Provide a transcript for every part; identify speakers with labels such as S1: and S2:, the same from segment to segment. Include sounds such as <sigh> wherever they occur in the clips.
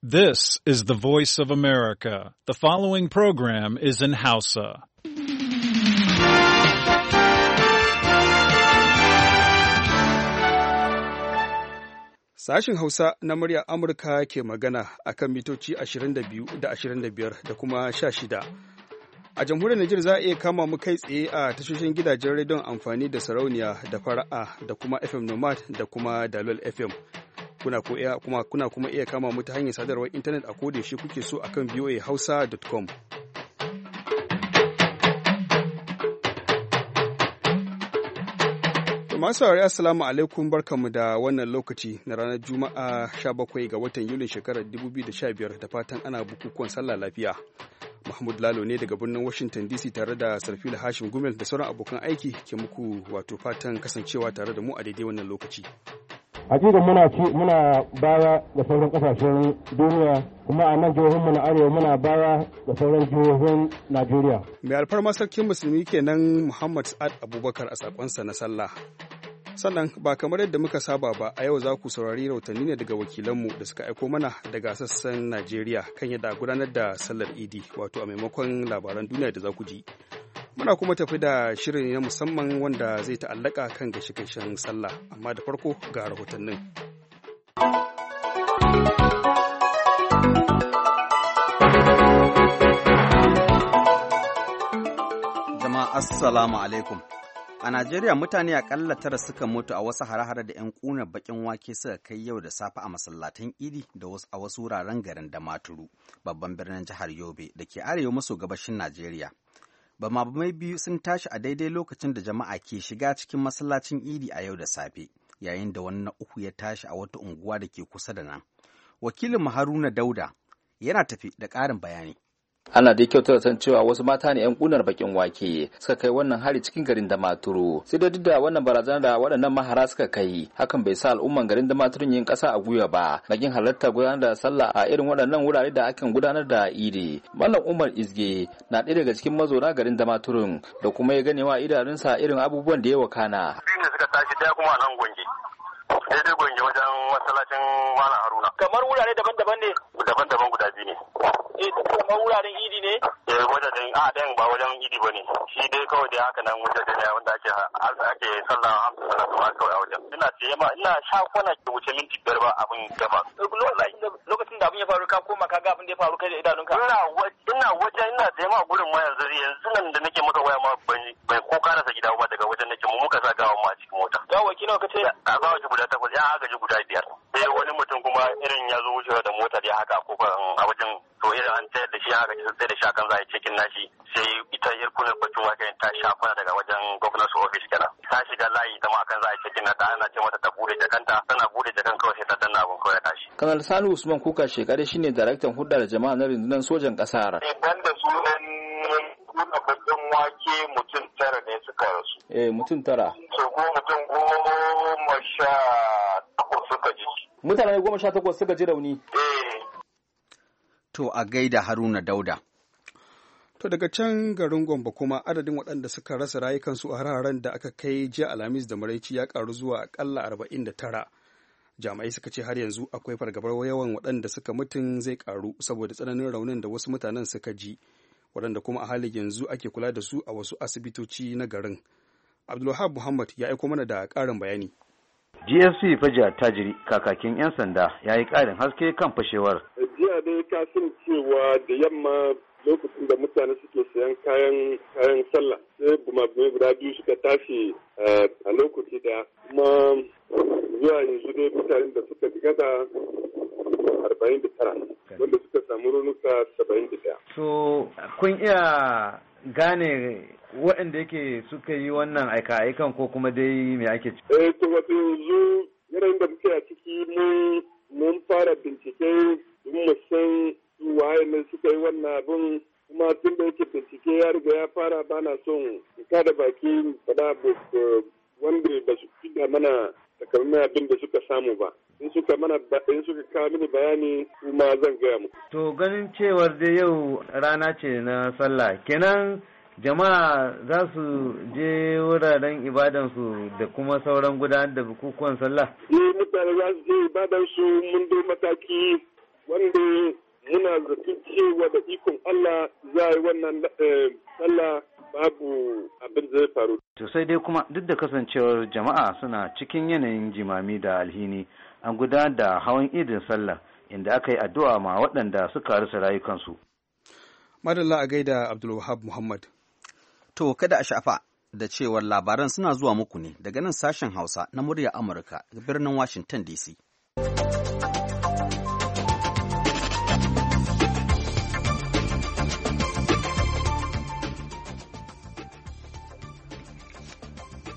S1: This is the voice of America. The following program is in Hausa.
S2: Sashin Hausa na muryar Amurka ke magana a kan mitoci 22 da 25 da kuma 16. A jamhuriyar Najeriya za a iya kama mu kai tsaye a tashoshin gidajen rediyon amfani da sarauniya da fara'a da kuma FM Nomad da kuma Dalol FM. kuna kuma kuna kuma iya kama mu ta hanyar sadarwar intanet a koda shi kuke so akan voahausa.com masu saurari assalamu alaikum barkanmu da wannan lokaci na ranar juma'a 17 ga watan yuli shekarar 2015 da fatan ana bukukuwan sallah lafiya mahmud lalo ne daga birnin washington dc tare da sarfil hashim gumel da sauran abokan aiki ke muku wato fatan kasancewa tare da mu a daidai wannan lokaci
S1: hakika muna ci muna baya da sauran kasashen duniya kuma a nan jihohin mu na arewa muna baya da sauran jihohin Najeriya.
S2: Mai alfarma sarkin musulmi kenan Muhammad Sa'ad Abubakar a sakonsa na sallah. Sannan ba kamar yadda muka saba ba a yau za ku saurari rautanni ne daga wakilanmu da suka aiko mana daga sassan Najeriya kan yadda gudanar da sallar Idi wato a maimakon labaran duniya da za ku ji. Muna kuma tafi da shirin na musamman wanda zai ta'allaka kan gaishe-gaishen sallah, amma da farko ga rahotannin.
S3: Assalamu alaikum. A Najeriya mutane akalla tara suka mutu a wasu hare-hare da 'yan ƙunar baƙin wake suka kai yau da safe a masallatan idi da a wasu wuraren garin da maturu, babban birnin jihar Yobe da ke arewa maso gabashin Najeriya. bamabamai biyu sun tashi a daidai lokacin da jama'a ke shiga cikin masallacin idi a yau da safe yayin da wani na uku ya tashi a wata unguwa da ke kusa da nan wakilin haruna dauda yana tafi da ƙarin bayani
S2: ana da kyautar san cewa wasu mata ne 'yan kunar bakin wake suka kai wannan hari cikin garin damaturu sai da duk da wannan barazana da waɗannan mahara suka kai hakan bai sa al'umman garin damaturun yin ƙasa a gwiwa ba lakin halarta gudanar da sallah a irin waɗannan wurare da akan gudanar da idi mallam umar izge na ɗaya daga cikin mazauna garin maturun da kuma ya gane ganewa idanunsa irin abubuwan da ya wakana.
S4: Shi ne suka tashi
S5: kuma a nan gwangi. daidai gwange wajen masallacin malam haruna kamar wurare
S6: daban-daban ne daban-daban guda biyu ne eh kamar wuraren idi ne eh wajen a ɗayan ba wajen idi ba ne shi dai kawai dai haka nan da ne wanda ake ake sallah hamsa salatu ma kawai a wajen ina ce yamma ina sha kwana ke wuce minti biyar ba abin gaba lokacin da abin ya faru ka koma ka ga abin da ya faru kai da idanunka
S5: ina
S6: wajen ina da yamma gurin ma yanzu yanzu nan da nake maka waya ma ban Ka kace a ba guda takwas ya agaji guda biyar sai wani mutum kuma irin ya zo wucewa da motar ya haka ko um, a wajen to irin an tayar da shi haka sai da shakan za a yi cikin nashi sai ita yar irkunar bakin wake ta shafuna daga wajen gwamnati office kenan ta shiga layi ta ma kan za cikin na, ta ana ce mata ta bude jakanta tana bude jakan kawai sai ta danna abin kawai tashi.
S2: Kanar sani usman kuka shekare shine daraktan hudda da jama'a na rundunar sojan kasar. idan
S6: eh, da sunan nuna eh, bakin wake mutum tara ne suka rasu.
S2: eh mutum tara.
S3: mutane goma sha takwas suka ji rauni to a gaida haruna dauda To daga can
S2: garin Gombe kuma adadin waɗanda suka rasa rayukansu a hararen da aka kai jiya Alhamis da Maraici ya karu zuwa aƙalla arba'in da tara, Jami'ai suka ce har yanzu akwai fargabar yawan waɗanda suka mutun zai ƙaru saboda tsananin raunin da wasu mutanen suka ji, waɗanda kuma a halin yanzu ake kula da su a wasu asibitoci na garin. Abdulwahab Muhammad ya aiko mana da ƙarin
S3: bayani. dsp fajiya tajiri kakakin 'yan sanda ya yi ƙarin haske kan
S5: fashewar
S1: jiya dai ka sani cewa da yamma lokacin da mutane suke sayan kayan kayan sallah sai bumabumai guda biyu suka tashi eh, a lokaci da kuma zuwa yanzu dai mutanen da suka gada arba'in da tara wanda suka samu raunuka saba'in da daya.
S4: so kun iya gane waɗanda yake suka yi wannan aika-aikan ko kuma dai me ake ci?
S1: Eh, to wato yanzu yanayin da muke a ciki mun fara bincike mun san waye ne suka yi wannan abin kuma tun da yake bincike ya riga ya fara bana son in da baki faɗa uh, wanda ba su fi da mana takamaiman abin da suka samu ba in suka mana in suka kawo mini bayani kuma zan gaya mu.
S4: to ganin cewar da yau rana ce na sallah kenan jama'a za su je wuraren ibadansu da kuma sauran gudanar da bukukuwan sallah.
S1: ni mutane za su je ibadansu mun dai mataki wanda muna zaton cewa da ikon Allah za a yi wannan eh, sallah babu abin zai faru.
S4: To sai dai kuma duk da kasancewar jama'a
S3: suna cikin yanayin jimami da alhini an guda da hawan idin sallah inda aka yi addu'a ma waɗanda suka rasa rayukansu. Madalla a gaida Abdulwahab Muhammad. To kada a shafa da cewar labaran suna zuwa muku ne daga nan sashen Hausa na murya Amurka birnin Washington DC.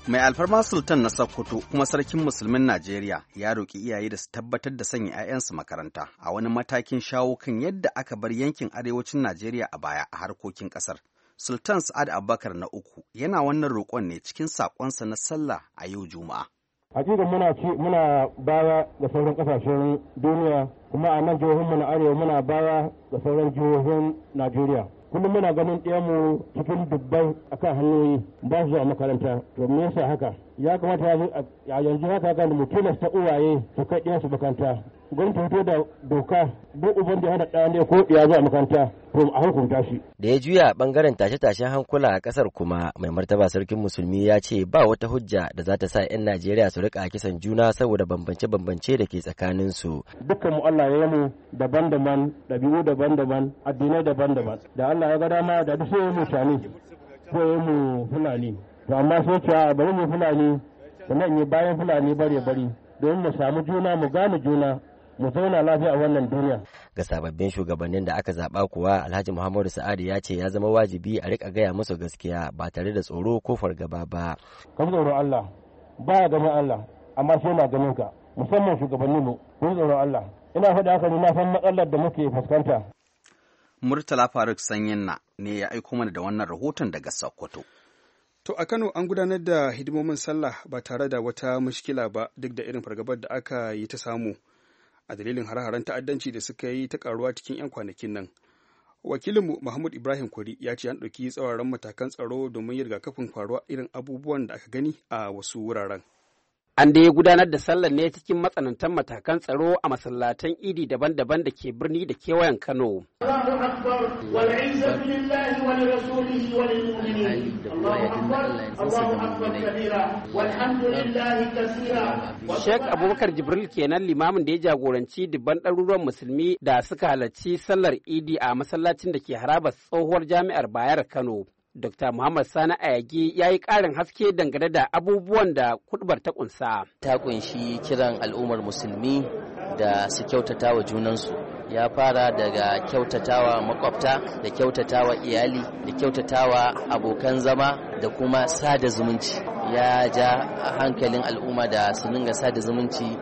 S3: mai alfarma sultan na sokoto kuma sarkin musulmin najeriya ya roƙi iyaye da su tabbatar da sanya 'ya'yansu makaranta a wani matakin shawo kan yadda aka bar yankin arewacin najeriya a baya a harkokin ƙasar sultan sa'ad abubakar na uku yana wannan roƙon ne cikin saƙonsa na sallah a yau juma'a
S1: hakika muna ci muna baya da sauran kasashen duniya kuma a nan jihohinmu na arewa muna baya da sauran jihohin najeriya kullum muna ganin mu cikin dubbai akan hanyoyi ba su zuwa makaranta to me yasa haka ya kamata yanzu haka kan mu tilasta uwaye su kai su makaranta gwamnati fito da doka duk uban da ya da ɗaya ko ya zuwa makaranta to a hukunta shi.
S3: Da ya juya bangaren tashe-tashen hankula a kasar kuma mai martaba sarkin musulmi ya ce ba wata hujja da za ta sa 'yan Najeriya su rika kisan juna saboda bambance-bambance da ke tsakanin su.
S1: Dukkan mu Allah ya mu daban-daban, ɗabi'u daban-daban, addinai daban-daban. Da Allah ya ga dama da duk sai mu shani. Ko mu Fulani. To amma sai cewa bari mu Fulani, sannan yi
S3: bayan Fulani bare-bare. Don mu samu juna mu gane juna mu zauna lafiya a wannan duniya. Ga sababbin shugabannin da aka zaɓa kuwa Alhaji Muhammadu Sa'adu ya ce ya zama wajibi a riƙa gaya musu gaskiya ba tare da tsoro ko fargaba ba. Ka tsoro Allah ba ya ganin
S1: Allah amma sai na ganin ka musamman shugabannin mu mun tsoro Allah ina faɗa haka ne na san matsalar da muke fuskanta.
S3: Murtala Faruk sanyin na ne ya aiko mana da wannan rahoton daga Sokoto.
S2: To a Kano an gudanar da hidimomin sallah ba tare da wata mushkila ba duk da irin fargabar da aka yi ta samu. a dalilin hare-haren ta'addanci da suka yi ta karuwa cikin 'yan kwanakin nan wakilinmu mahmud ibrahim kwari ya ce an ɗauki tsawaran
S3: matakan tsaro domin yin rigakafin faruwa irin abubuwan da aka gani a wasu wuraren An ya gudanar da sallar ne cikin matsanantar matakan tsaro a masallatan idi daban-daban da ke birni da kewayen Kano. Sheikh Abubakar Jibril kenan limamin da ya jagoranci dubban ɗaruruwan musulmi da suka halarci sallar idi a masallacin da ke harabar tsohuwar jami'ar Bayar Kano. Dr. Muhammad Sani Ayagi ya yi ƙarin haske dangane da abubuwan da kudubar ta kunsa Ta ƙunshi kiran al'ummar musulmi da su kyautata wa junansu. Ya fara daga kyautatawa makwabta da kyautatawa iyali da kyautatawa abokan zama da kuma sada zumunci. Ya ja hankalin al'umma da su ninga sada zumunci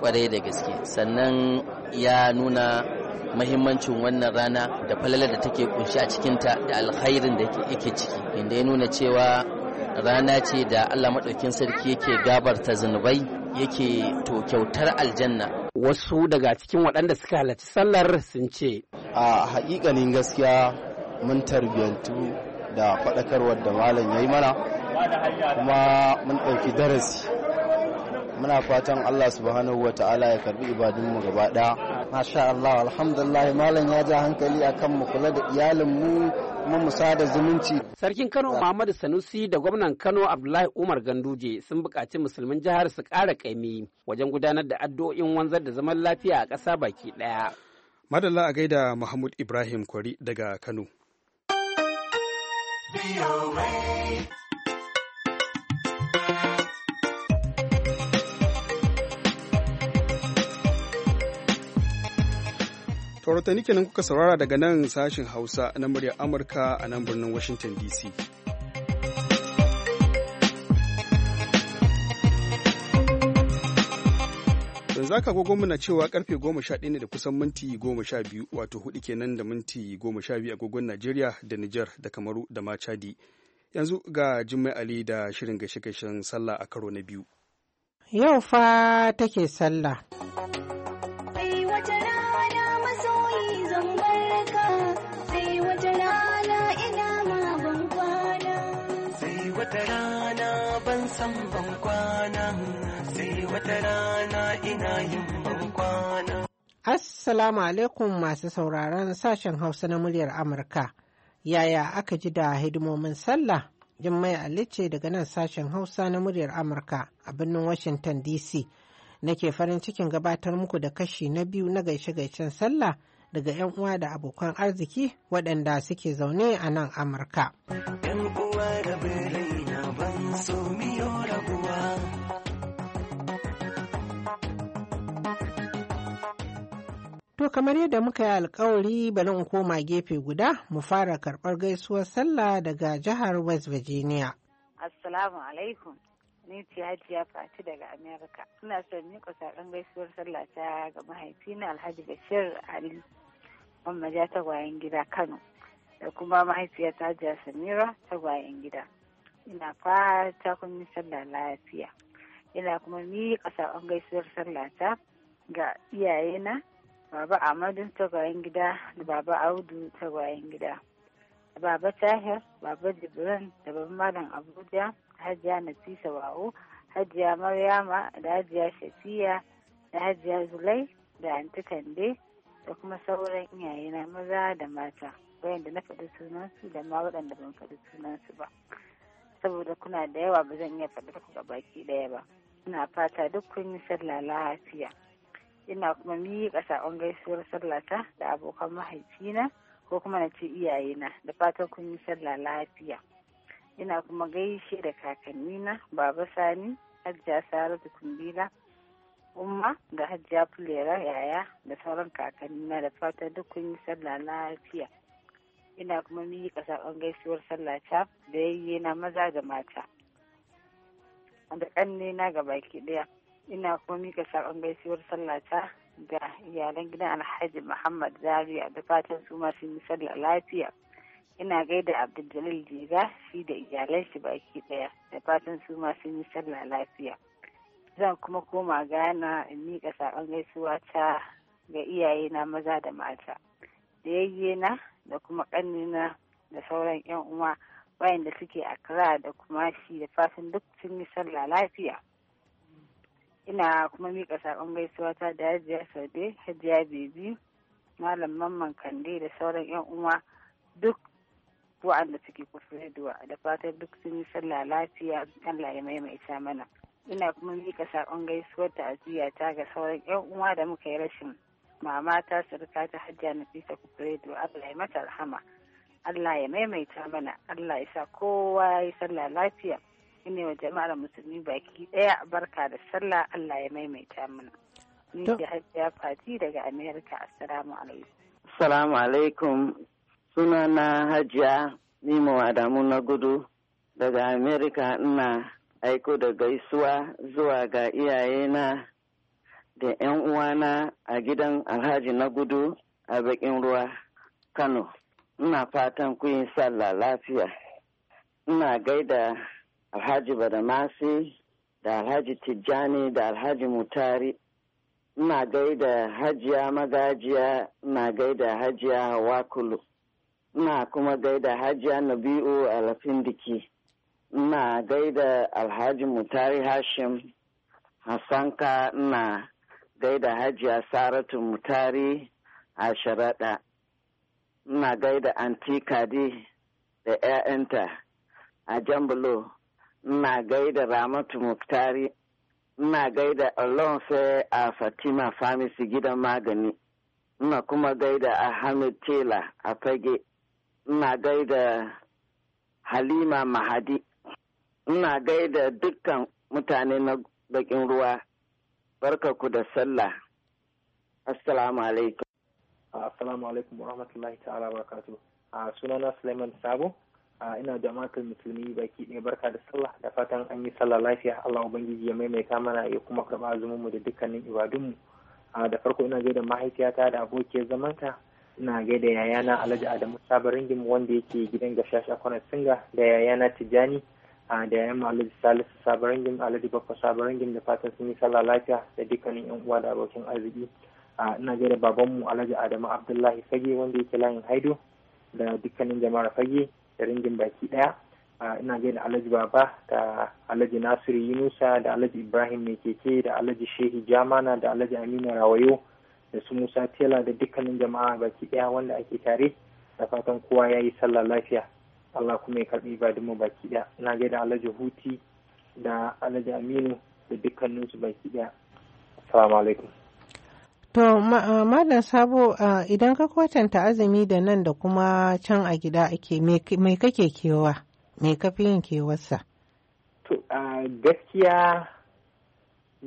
S3: kwarai da gaske. Sannan ya nuna mahimmancin wannan rana da falalar da take kunshi a cikinta da alkhairin da yake ciki inda ya nuna cewa rana ce da Allah maɗaukin sarki yake gabarta zunubai yake to kyautar aljanna wasu daga cikin waɗanda suka halarci sallar sun ce a haƙiƙanin gaskiya mun tarbiyantu da faɗakarwar da malam ya yi mana kuma mun ɗauki darasi muna fatan Allah subhanahu wa ta'ala ya karbi ibadunmu gaba ɗaya Masha Allah,
S4: alhamdulillah, malam ya ja hankali akan mu kula da iyalin mu kuma da zumunci.
S3: Sarkin Kano Muhammadu Sanusi da gwamnan Kano Abdullahi Umar Ganduje sun buƙaci musulmin jihar su ƙara ƙaimi wajen gudanar da addu'o'in wanzar da zaman lafiya a ƙasa baki ɗaya.
S2: Madalla a gaida Mahmud Ibrahim Kwari daga Kano. nike kenan kuka saurara daga nan sashin hausa na muryar amurka a nan birnin washington dc yanzu aka agogonmu na cewa karfe 11 ne da kusan minti sha-biyu wato hudu kenan da minti goma sha-biyu 12 agogon Najeriya da Nijar da Kamaru da machadi Yanzu ga Jummai Ali da shirin gashe-gashen sallah a karo na biyu.
S7: Yau fa take sallah.
S5: san kwana sai wata rana ina yin ban kwana.
S7: Assalamu alaikum masu sauraron sashen Hausa na muryar Amurka. Yaya aka ji da hidimomin sallah? Jummai Ali ce daga nan sashen Hausa na muryar Amurka a birnin Washington DC. Nake farin cikin gabatar muku da kashi na biyu na gaishe-gaishen sallah daga 'yan uwa da abokan arziki waɗanda suke zaune a nan Amurka.
S5: 'Yan uwa da
S7: To kamar yadda muka yi alkawari bari in koma gefe guda mu fara karɓar gaisuwar sallah daga jihar West Virginia.
S8: Assalamu alaikum. Ni ce Hajiya Fati daga Amerika. Ina son miƙa saƙon gaisuwar sallah ta ga mahaifina Alhaji Bashir Ali Mamma ja tagwayen gida Kano da kuma mahaifiyata Hajiya Samira tagwayen gida. ina fata kun yi sallah lafiya ina kuma miƙa an gaisuwar sallata ga iyayena baba amadu tagwayen gida da baba audu tagwayen gida da baba tahir baba jibrin da baba malam abuja hajiya nafisa wawo hajiya maryama da hajiya shafiya da hajiya zulai da anti kande da kuma sauran iyayena maza da mata wayanda na faɗi sunansu da ma waɗanda ban faɗi sunansu ba saboda kuna da yawa ba zan iya faɗar ku baki ɗaya ba ina fata duk kun yi sallah lafiya ina kuma miƙa saƙon gaisuwar sallata da abokan mahaifina ko kuma na ce iyaye na, da fatan kun yi sallah lafiya ina kuma gaishe da kakannina baba sani hajja saratu kumbila umma da hajja fulera yaya da sauran kakannina da fatan duk kun yi sallah lafiya ina kuma miƙa saƙon gaisuwar sallah ta da yayye na maza da mata da ƙanne na baki ɗaya ina kuma miƙa saƙon gaisuwar sallah ta ga iyalan gidan alhaji muhammad zaria da fatan su ma sun yi sallah lafiya ina gaida abdul jiga shi da iyalan shi baki ɗaya da fatan su ma sun yi sallah lafiya zan kuma koma gana in miƙa saƙon gaisuwa ta ga iyaye na maza da mata da yayye na da kuma ƙannina da sauran 'yan uwa bayan da suke a kira da shi da fatan duk sun yi sallah lafiya. Ina kuma miƙa saƙon gaisuwa ta da Hajiya Saude, Hajiya Bebi, Malam Mamman Kande da sauran 'yan uwa duk wa'anda suke kusa da fatan duk sun yi sallah lafiya Allah ya maimaita mana. Ina kuma mika saƙon gaisuwar ta ajiya ta ga sauran 'yan uwa da muka yi rashin mama ta surka ta hajja nafisa kufredo allah ya mata rahama allah ya maimaita mana allah ya sa kowa ya sallah lafiya ne wa jama'ar musulmi baki daya barka da sallah allah ya maimaita mana ni ce hajjiya fati daga america assalamu
S6: alaikum
S4: assalamu alaikum sunana hajjiya nima adamu na gudu daga america ina aiko da gaisuwa zuwa ga iyayena da 'yan uwana a gidan alhaji na gudu a bakin ruwa kano ina fatan ku yi sallah lafiya ina gaida alhaji badamasi da alhaji tijjani da alhaji mutari ina gaida hajiya magajiya ina gaida hajiya Wakulu. ina kuma gaida hajiya nabi'u diki. ina gaida alhaji mutari hashim hassanka ina gaida hajiya saratu mutari a sharaɗa ina gaida anti kadi da 'ya'yanta a jambulo ina gaida ramatu muktari ina gaida alonso a fatima famisi gidan magani ina kuma gaida ahmed tela a fage ina gaida halima mahadi ina gaida dukkan mutane na bakin ruwa Barka da sallah. Assalamu alaikum.
S9: Ah, assalamu alaikum wa rahmatullahi ta'ala wa A ah, sunana Suleiman Sabo, ah, ina da matan musulmi baki ɗaya barka da sallah da fatan an yi sallah lafiya Allah ubangiji ya maimaita mana ya kuma karɓa azumin mu da dukkanin ibadunmu. da farko ina gaida mahaifiyata da abokiyar zamanta ina gaida yayana Alhaji Adamu Sabaringin wanda yake gidan gashash a kwanan singa da yayana Tijjani. da yamma alhaji salisu sabarin gim alhaji bakwa sabarin gim da fatan sun yi sallah lafiya da dukkanin yan uwa da abokin arziki ah, ina gaida babanmu alhaji adamu abdullahi fage wanda yake layin haido da dukkanin jama'ar fage da ringin ah, baki daya ina gaida alhaji baba da alhaji nasiru yunusa da alhaji ibrahim mai keke da alhaji shehi jamana da alhaji aminu rawayo da su musa tela da dukkanin jama'a baki daya wanda ake tare da fatan kowa ya yi sallah lafiya Allah kuma ya karbi ibadun mu baki daya na gaida Alhaji Huti da Alhaji Aminu da dukkanin su baki daya
S7: assalamu alaikum to malam sabo idan ka kwatanta azumi da nan da kuma can a gida ake mai kake kewa mai kafi yin kewarsa
S9: to gaskiya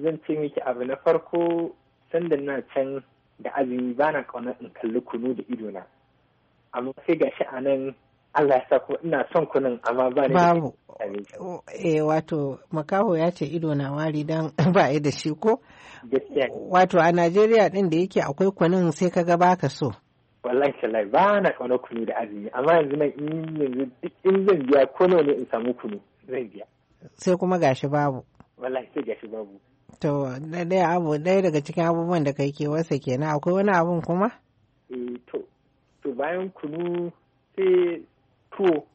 S9: zan ce miki abu na farko sanda na can da azumi bana kauna in kalli kunu da idona amma sai gashi a nan Allah ya sa ku ina son kunin amma ba ni babu
S7: eh wato makaho ya ce ido na wari dan <laughs> ba yi da shi ko wato a Najeriya din da yake akwai kunin sai ka ga baka so
S9: wallahi sallai ba na kauna kunu da azumi amma yanzu nan in yanzu duk in zan biya ko nawa ne in samu kunu zan biya
S7: sai kuma gashi babu
S9: wallahi sai gashi babu
S7: to ɗaya abu ɗaya daga cikin abubuwan da kai ke wasa kenan akwai wani abun kuma
S9: eh to to bayan kunu sai tuwo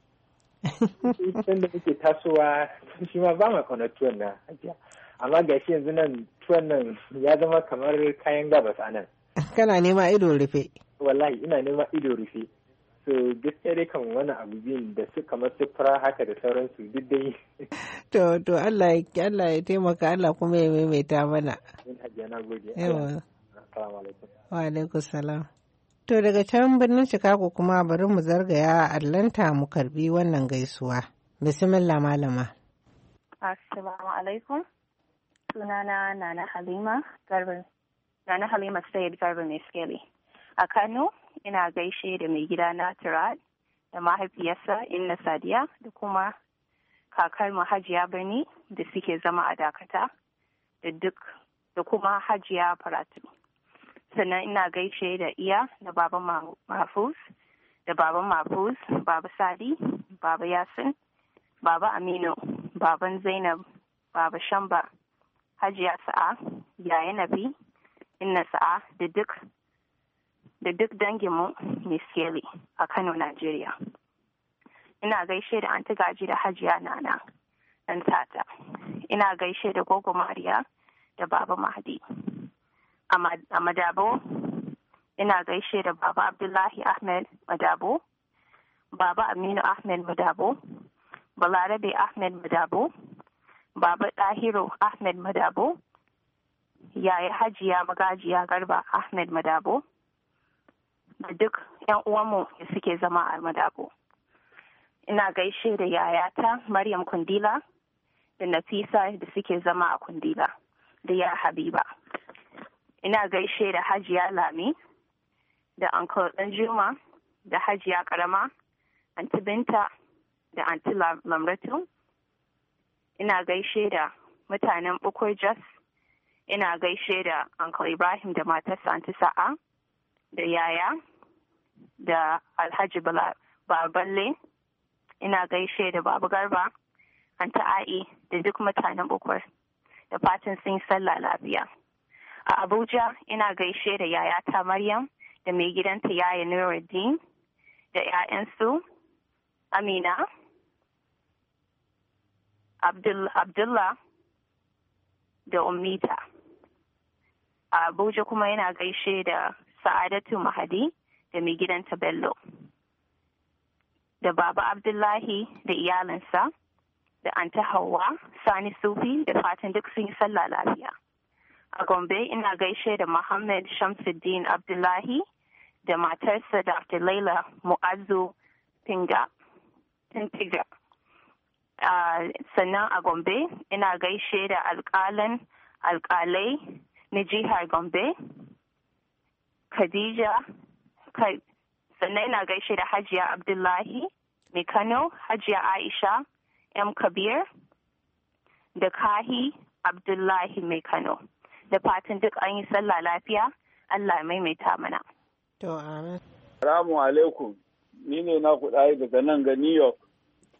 S9: idan da muke tasowa shi ma ba ma tuwon na hajiya amma ga shi yanzu nan tuwon nan ya zama kamar kayan gabas a nan
S7: kana nema ido rufe
S9: wallahi ina nema ido rufe so gaskiya dai kan wani abu biyun da su kamar sufura haka da sauransu duk dai
S7: to to Allah ya Allah ya taimaka Allah kuma ya maimaita mana wa alaikum salam To daga can birnin Chicago kuma bari mu zargaya a Atlanta mu karbi wannan gaisuwa. Bismillah malama.
S10: Assalamu alaikum. Sunana Nana Halima Garba. Nana Halima Said Garba Meskeli. A Kano ina gaishe da mai gida na tirad da mahaifiyarsa Inna Sadiya da kuma kakar mu Hajiya Birni da suke zama a Dakata da duk da kuma Hajiya Faratu. sannan ina gaishe da iya da Baban mahfuz da baba mahfuz baba sadi baba yasin baba aminu baban zainab baba shamba hajiya sa'a yaya nabi inna sa'a da duk da duk danginmu miskeli a kano najeriya ina gaishe da anti gaji da hajiya nana dan tata ina gaishe da gogo mariya da baba mahdi a madabo ina gaishe da baba abdullahi ahmed madabo baba aminu ahmed madabo balarabe ahmed madabo baba ɗahiro ahmed madabo yaya hajiya magajiya garba ahmed madabo da duk yan uwanmu da suke zama a madabo ina gaishe da yayata maryam kundila da nafisa da suke zama a kundila da ya habiba ina gaishe da hajiya lami da uncle danjuma da hajiya karama anti binta da anti lamratu ina gaishe da mutanen bukur jos ina gaishe da uncle ibrahim da matarsa anti sa'a da yaya da alhaji baballe ina gaishe da babu garba anti a'i da duk mutanen bukur da fatan sun yi sallah lafiya a abuja ina gaishe da yayata maryam da mai gidanta yaya nuruddin da 'ya'yansu amina abdullah da ummita a abuja kuma yana gaishe da sa'adatu mahadi da mai gidanta bello da baba abdullahi da iyalinsa da anta Hauwa sani sufi da fatan duk sun yi sallah lafiya a Gombe ina gaishe da Muhammad Shamsuddin Abdullahi da matarsa Dr. Laila Mu'azzu Pinga. Pintiga. sannan a Gombe ina gaishe da alƙalan alƙalai na jihar Gombe, Khadija, sannan ina gaishe da Hajiya Abdullahi, mai Hajiya Aisha, M. Kabir, da Kahi Abdullahi mai Kano. da fatan duk an yi sallah lafiya Allah maimaita mana.
S1: To Salamu alaikum ni ne na kuɗa daga nan ga New York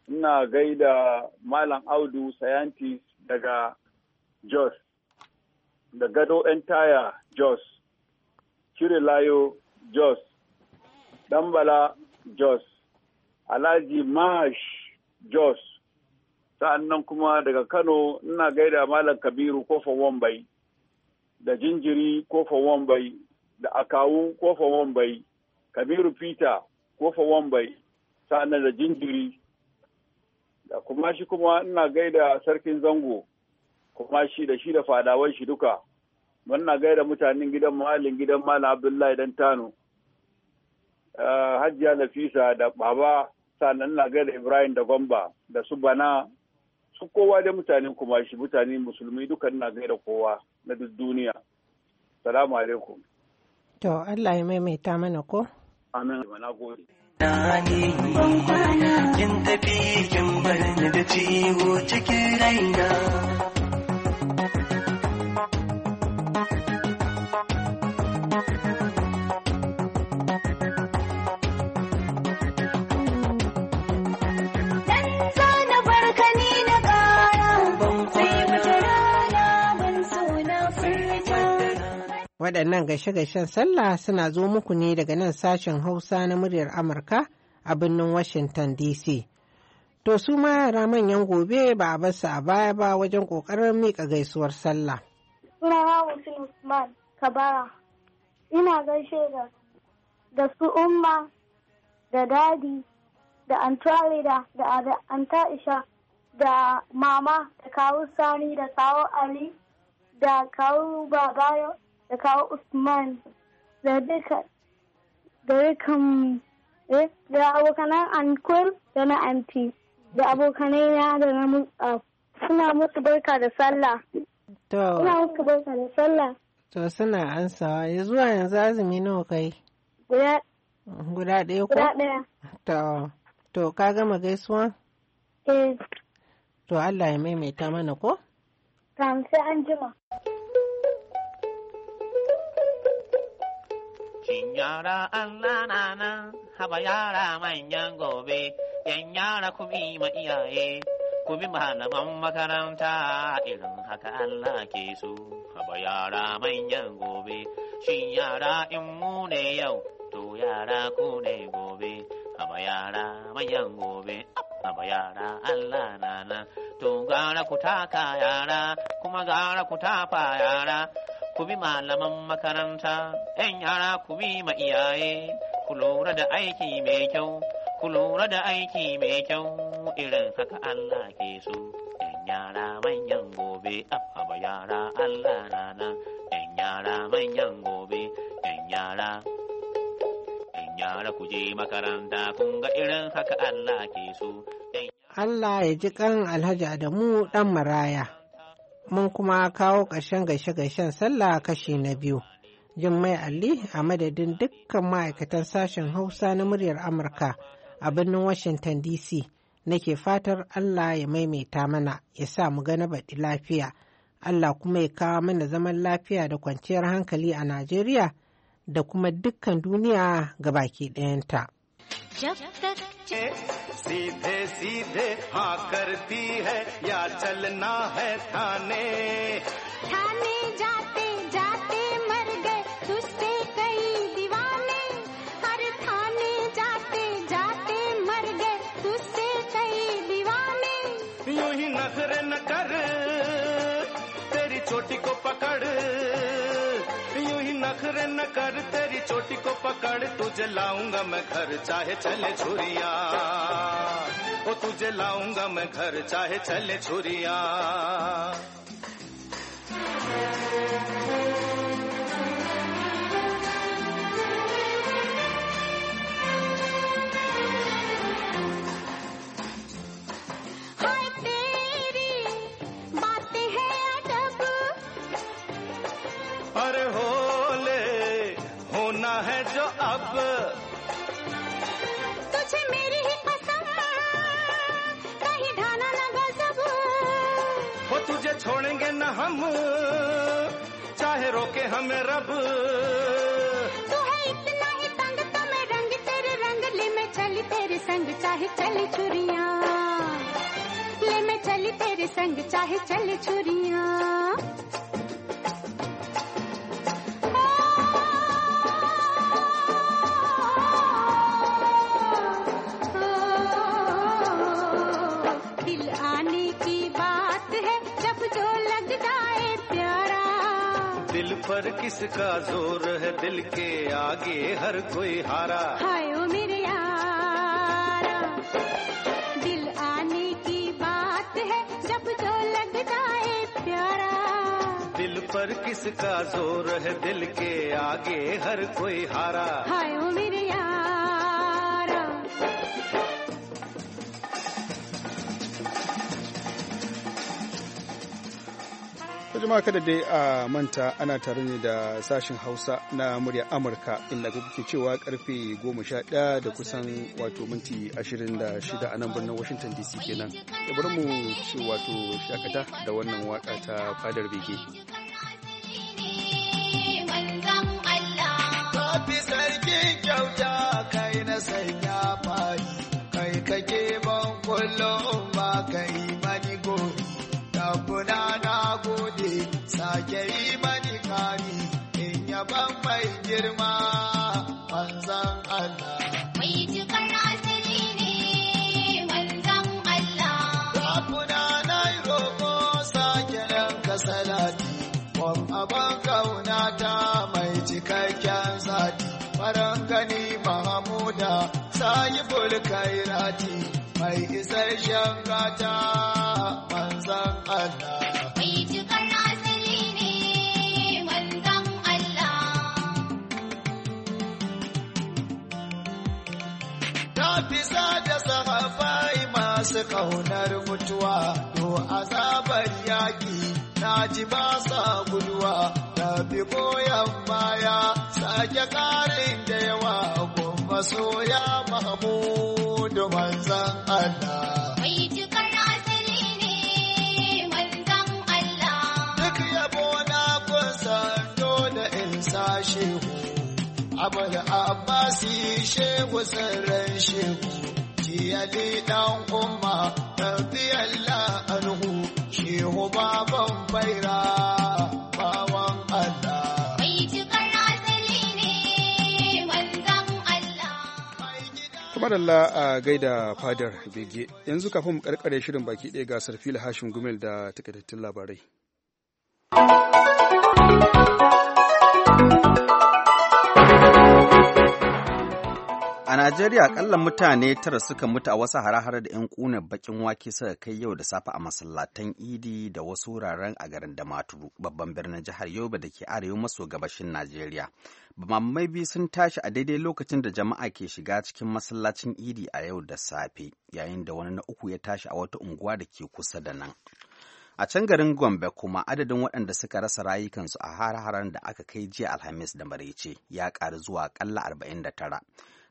S1: ina gaida Malam Audu Sayantis daga Jos da gado taya Jos Cire Layo Jos Dambala Jos Alhaji Mash Jos sa'annan kuma daga Kano ina gaida Malam Kabiru Kofa Wambai. da jinjiri kofa wambai da akawu kofa wambai kabiru peter kofa wambai sa'annan da jinjiri da kuma shi kuma ina gaida sarkin zango kuma shi da shi da fadawan shi duka muna gaida mutanen gidan malin gidan malam abdullahi dan tano eh, hajjiya nafisa da baba sannan na gaida ibrahim da gomba da su bana su kowa da mutanen kuma shi mutane musulmi duka na gaida kowa na duk duniya. Salamu alaikum.
S7: To Allah ya maimaita mana ko? Amin. Na gode. Kin tafi kin bar da ciwo cikin raina. Waɗannan gashe-gashen sallah suna zo muku ne daga nan sashen Hausa na muryar Amurka a birnin Washington DC. To su ma yara manyan gobe ba a basu a baya ba wajen ƙoƙarin miƙa gaisuwar sallah.
S4: suna Hawusin Usman Kabara, ina gaishe da da su umma da dadi da antarida da antaisha da mama da kawo sani da kawo ali da kawo babayo da kawo Usman da duka da dukan eh, da abokanan Ankur da na Anti da abokanai na da na Mutsa ah, suna musu barka da sallah. To. Suna musu barka da sallah.
S7: To suna ansawa ya zuwa yanzu azumi nawa kai? Guda. Guda ɗaya ko? Guda ɗaya. To. To ka gama gaisuwa? Eh. To Allah ya maimaita mana ko?
S8: Ta sai an jima.
S6: Shin yara Allah na habayara haba yara manyan gobe, yan yara ma iyaye, makaranta irin haka Allah kesu. so. Haba yara manyan shin yara in mu ne yau, to yara ku ne gobe, Habayara yara na gara ku yara, kuma gara yara. ku bi malaman makaranta, ‘yan yara ku bi ma iyaye, ku lura da aiki mai kyau, ku lura da aiki mai kyau, irin haka Allah ke so. ‘Yan yara manyan gobe, abba yara Allah rana, ‘yan yara manyan gobe, ‘yan yara. ku je makaranta, kun ga irin haka Allah ke so.
S7: Allah ya ji kan Alhaji Adamu ɗan maraya. mun kuma kawo ƙarshen gaishe-gaishen sallah kashi na biyu. Jummai Ali a madadin dukkan ma'aikatan sashen Hausa na muryar Amurka a birnin Washington DC nake fatar Allah ya maimaita mana ya sa mu gana baɗi lafiya. Allah kuma ya kawo mana zaman lafiya da kwanciyar hankali a Najeriya da kuma dukkan duniya ga baki ɗayanta.
S5: जब तक सीधे सीधे हाँ करती है या चलना है थाने
S6: थाने जाते जाते मर गए सुस्ते कई दीवाने हर थाने जाते जाते मर गए सुस्ते कई
S5: दीवाने यू ही नजर न कर तेरी चोटी को पकड़ नखरे न कर तेरी चोटी को पकड़ तुझे लाऊंगा मैं घर चाहे चले छुरिया ओ तुझे लाऊंगा मैं घर चाहे चले छुरिया वो तुझे छोड़ेंगे न हम चाहे रोके हमें रब तू है
S6: इतना ही तंग तो मैं रंग तेरे रंग ले मैं चली तेरे संग चाहे चली छुरिया ले मैं चली तेरे संग चाहे चली छुरिया
S5: पर किसका जोर है दिल के आगे हर कोई हारा
S6: हाय ओ मेरे यारा दिल आने की बात है जब जो लगता है प्यारा
S5: दिल पर किसका जोर है दिल के आगे हर कोई हारा
S6: हाय ओ मेरे
S2: To jama'a kada dai a manta ana tare ne da sashen Hausa na murya Amurka inda kuke cewa karfe 11 da kusan wato minti 26 a nan birnin Washington DC kenan. Ya bari mu ci wato shakata da wannan waka ta fadar bege.
S5: girma manzan Allah. Mai cikar asiri ne manzan Allah. Rafuna na yi roƙo sake nan ka salati, wan abin kaunata mai cikakken sati. Faran gani Mahamuda sayibul kairati mai isasshen gata manzan Allah. Nafisa da sahabai masu ƙaunar mutuwa, to azabar yaƙi na ji ba sa guduwa, tafi koyan baya sake ƙarin da yawa, kuma soya mahamudu manzan Allah. Ahmad Abbasi shehu sarran shehu jiyali dan umma radiyallahu anhu shehu baban baira bawan Allah
S2: madalla a gaida fadar bege yanzu kafin mu karkare shirin baki ɗaya gasar fil hashin gumel da takaitattun labarai
S3: Najeriya akalla mutane tara suka mutu a wasu harahara da 'yan ƙunar bakin wake suka kai yau da safe a masallatan idi da wasu wuraren a garin Damaturu, babban birnin jihar Yobe da ke arewa maso gabashin Najeriya. bamamai biyu sun tashi a daidai lokacin da jama'a ke shiga cikin masallacin idi a yau da safe, yayin da wani na uku ya tashi a wata unguwa da ke kusa da nan. A can garin Gombe kuma adadin waɗanda suka rasa rayukansu a har da aka kai jiya Alhamis da Maraice ya ƙaru zuwa ƙalla tara.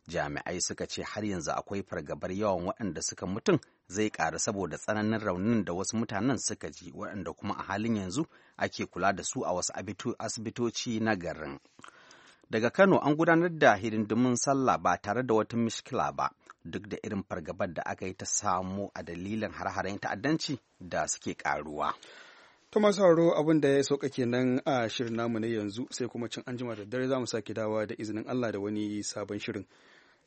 S3: jami'ai suka ce har yanzu akwai fargabar yawan waɗanda suka mutum zai ƙaru saboda tsananin raunin da wasu mutanen suka ji waɗanda kuma a halin yanzu ake kula da su a wasu asibitoci na garin daga kano an gudanar da hidindimin sallah ba tare da wata mishkila ba duk da irin fargabar da aka yi ta samu a dalilin har-haren ta'addanci da suke ƙaruwa.
S2: kuma sauro abin da ya sauka kenan a shirin namu na yanzu sai kuma cin anjima da dare za mu sake dawa da izinin Allah da wani sabon shirin.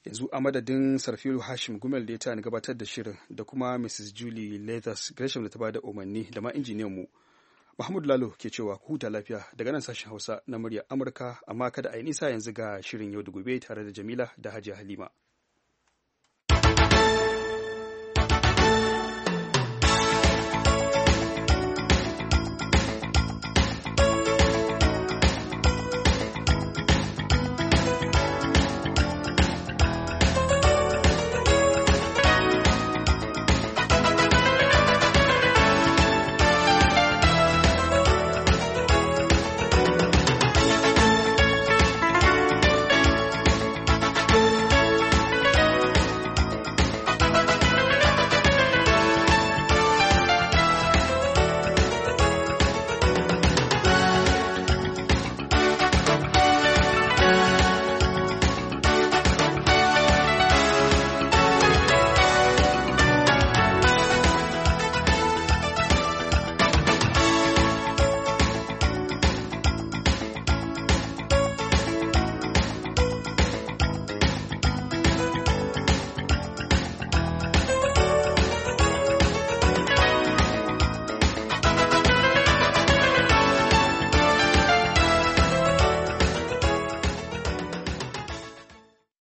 S2: yanzu a madadin sarfilu hashim gumel da ya ta gabatar da shirin da kuma mrs julie leathers gresham da ta bada umarni da ma injiniyan mu mahmud lalo ke cewa ku huta lafiya daga nan sashen hausa na murya amurka amma kada a yi nisa yanzu ga shirin yau da gobe tare da jamila da hajiya halima